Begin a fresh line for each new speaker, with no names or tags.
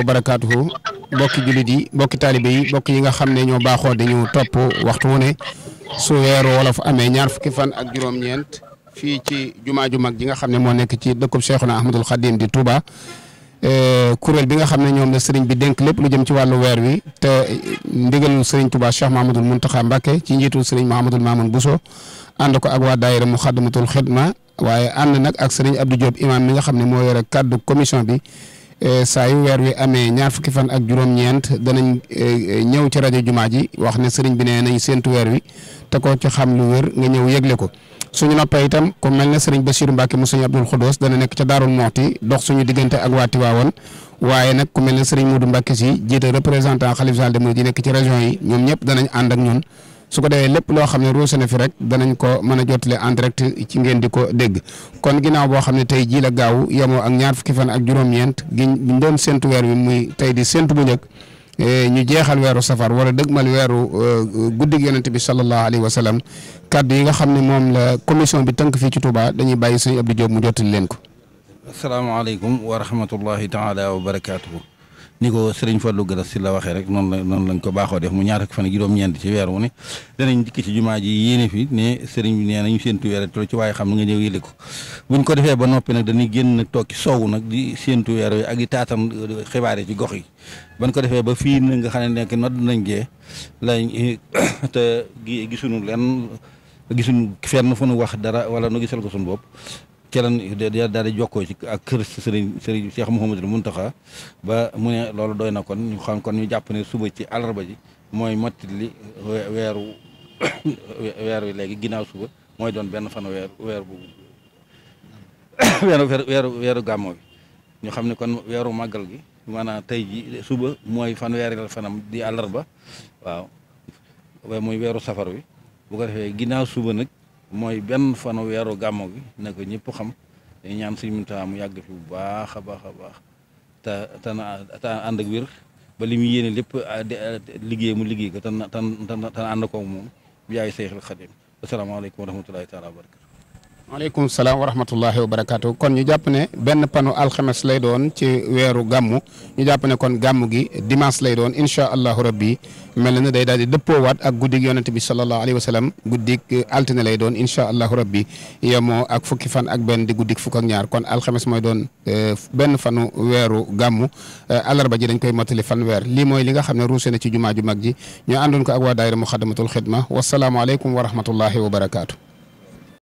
wa barakaatuhu mbokki jullit yi mbokki taalibe yi mbokk yi nga xam ne ñoo baaxoo dañu topp waxtu wu ne su weeru wolof amee ñaar fukki fan ak juróom-ñeent fii ci jumaa ju mag ji nga xam ne moo nekk ci dëkkub Cheikhuna Ahmadul Khadim di Touba eh, kuréel bi nga xam ne ñoom la sëriñ bi dénk lépp lu jëm ci wàllu weer wi te ndigalul sëriñ Touba Cheikh Mahamadul Muntaxa Mbàkke ci njiitul sëriñ Mahamadul Mamoun Bousso ànd ko ak waa daayira Muxaddamatul Xidma waaye ànd nag ak sëriñ Abdou Diop imam mi nga xam ne moo yore kaddu commission bi Eh, saa yu weer wi amee ñaar fukki fan ak juróom-ñeent danañ eh, eh, ñëw ci rajo jumaa ji wax ne sëriñ bi nee nañ séentu weer wi te ko ci xam lu wér nga ñëw yëgle ko su suñu noppee itam ku mel ne sëriñ Bassirou Mbacke mu sëriñ Abdoul Khodos dana nekk ca Daarul Moxti dox suñu diggante ak waa Tiwaawan waaye nag ku mel ne sëriñ Modou Mbacke si jiite représentant xalif général des mourides yi nekk ci région yi ñoom ñëpp danañ ànd ak ñun su ko defee lépp loo xam ne ruuse na fi rek danañ ko mën a jotale en direct ci ngeen di ko dégg kon ginaaw boo xam ne tey jii la gaaw yemoo ak ñaar fukki fan ak juróom-ñeent gi ñu doon séntu weer wi muy tey di séntu bu njëkk eh, ñu jeexal weeru safar wala dëgmal weeru eh, guddig yonent bi sallallahu alayhi wa sallam kàddu yi nga xam ne moom la commission bi tënk fii ci Touba dañuy bàyyi
sëñ Abdou Diop mu jottali leen ko. asalaamaaleykum wa rahmatullahi taala wa barakaatuhu. ni ko sëriñ lu Garas si la waxee rek noonu la noonu lañ ko baaxoo def mu ñaar ak fan ak juróom-ñeent ci weer wu ne danañ dikk ci jumaa ji yéene fi ne sëriñ bi nee nañu séentu weer ci waaye xam nga ñëw yële ko buñ ko defee ba noppi nag dañuy génn nag toog ci soow nag di séentu weer wi ak di taatam euh, xibaar ci gox yi ban ko defee ba fii na nga xam ne nekk nodd nañ gee lañ te gisuñu leen gisuñu fenn fu nu wax dara wala nu gisal ko suñu bopp kelan daal di jokkoo ci ak kër sëriñ sëriñ Cheikh Mouhamadul Mountakha ba mu ne loolu doy na kon ñu xam kon ñu jàpp ne suba ci àllarba ji mooy motti li wi léegi ginnaaw suba mooy doon benn fan weer weer bu weeru weeru ñu xam ne kon weeru màggal gi maanaam tey ji suba mooy fan weerel fanam di àllarba waaw mooy weeru safar wi bu ko defee ginnaaw suba nag mooy benn fanu weeru gàmmu gi na ko ñëpp xam dañ ñaan suñu muntaxaa mu yàgg fi bu baax a baax a baax te te na te ànd ak wér ba li mu yéene lépp liggéey mu liggéey ko te na te na ànd koog moom bi yaay Seexul Xadim asalaamaaleykum wa rahmatulahi taala wa
maaleykum salaam wa rahmatullahi wa barakaatu kon ñu jàpp ne benn panu alxames lay doon ci weeru gàmmu ñu jàpp ne kon gàmmu gi dimanche lay doon incha allahu rabbi mel na ne day daal di dëppoowaat ak guddig yonent bi sallallahu alayhi wa sallam guddig eh, altine lay doon incha allahu rabbi yemoo ak fukki fan ak benn di guddig fukk ak ñaar kon alxames mooy doon eh, benn fanu weeru gàmmu alarba eh, ji dañ koy mottali fan weer lii mooy li nga xam ne ruuse na ci jumaa ju mag ji ñu àndoon ko ak waa daayira muxaddamatul xidma wasalaamualeykum wa rahmatullahi wa barakaatu.